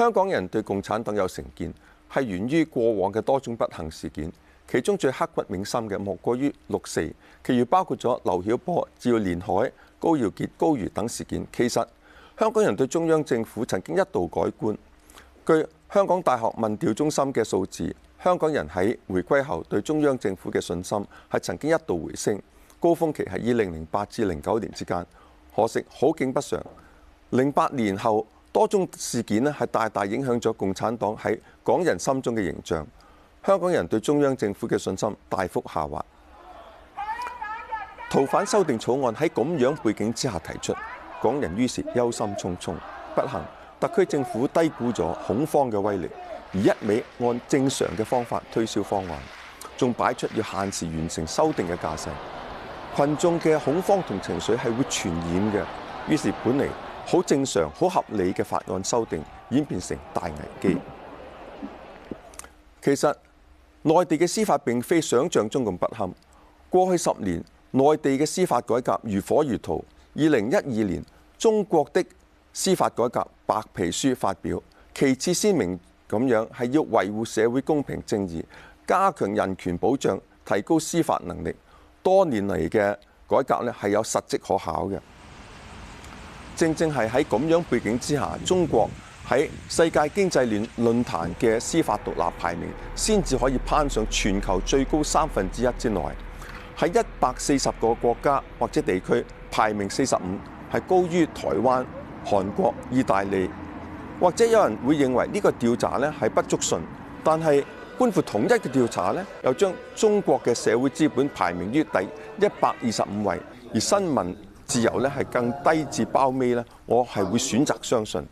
香港人對共產黨有成見，係源於過往嘅多種不幸事件，其中最刻骨銘心嘅莫過於六四，其餘包括咗劉曉波、趙連海、高耀傑、高瑜等事件。其實香港人對中央政府曾經一度改觀。據香港大學民調中心嘅數字，香港人喺回歸後對中央政府嘅信心係曾經一度回升，高峰期係二零零八至零九年之間。可惜好景不常。零八年後，多宗事件呢，係大大影響咗共產黨喺港人心中嘅形象，香港人對中央政府嘅信心大幅下滑。逃犯修訂草案喺咁樣背景之下提出，港人於是憂心忡忡。不幸，特區政府低估咗恐慌嘅威力，而一味按正常嘅方法推銷方案，仲擺出要限時完成修訂嘅架勢，群眾嘅恐慌同情緒係會傳染嘅，於是本嚟好正常、好合理嘅法案修訂演變成大危機。其實內地嘅司法並非想像中咁不堪。過去十年內地嘅司法改革如火如荼。二零一二年中國的司法改革白皮書發表，其次鮮明咁樣係要維護社會公平正義，加強人權保障，提高司法能力。多年嚟嘅改革呢，係有實績可考嘅。正正係喺咁樣背景之下，中國喺世界經濟論論壇嘅司法獨立排名，先至可以攀上全球最高三分之一之內，喺一百四十個國家或者地區排名四十五，係高於台灣、韓國、意大利。或者有人會認為呢個調查係不足信，但係觀乎統一嘅調查咧，又將中國嘅社會資本排名於第一百二十五位，而新聞。自由咧係更低至包尾咧，我係會選擇相信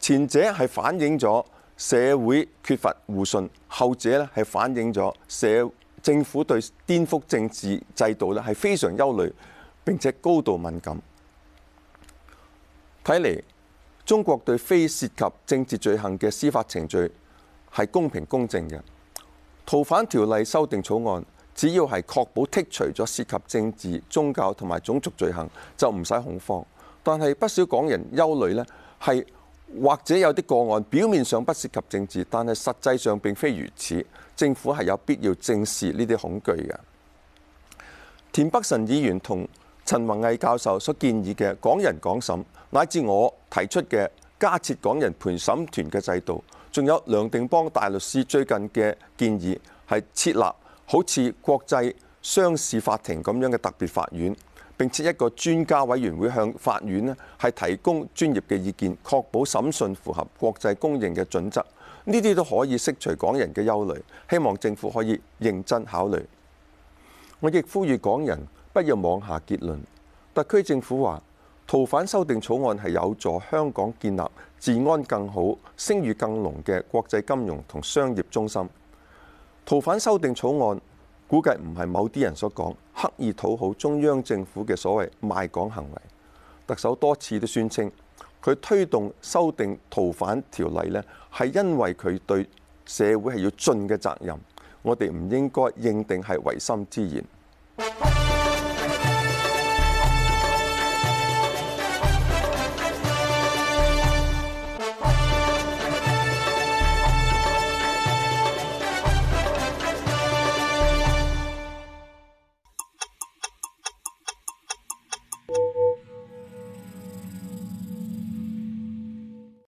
前者係反映咗社會缺乏互信，後者咧係反映咗社政府對顛覆政治制度咧係非常憂慮並且高度敏感。睇嚟中國對非涉及政治罪行嘅司法程序係公平公正嘅。逃犯條例修訂草案，只要係確保剔除咗涉及政治、宗教同埋種族罪行，就唔使恐慌。但係不少港人憂慮呢，係或者有啲個案表面上不涉及政治，但係實際上並非如此。政府係有必要正視呢啲恐懼嘅。田北辰議員同陳弘毅教授所建議嘅港人港審，乃至我提出嘅加設港人陪審團嘅制度，仲有梁定邦大律師最近嘅建議係設立。好似國際商事法庭咁樣嘅特別法院，並且一個專家委員會向法院咧係提供專業嘅意見，確保審訊符合國際公認嘅準則。呢啲都可以釋除港人嘅憂慮。希望政府可以認真考慮。我亦呼籲港人不要妄下結論。特區政府話，逃犯修訂草案係有助香港建立治安更好、聲譽更濃嘅國際金融同商業中心。逃犯修訂草案估計唔係某啲人所講刻意討好中央政府嘅所謂賣港行為。特首多次都宣稱，佢推動修訂逃犯條例呢係因為佢對社會係要盡嘅責任。我哋唔應該認定係違心之言。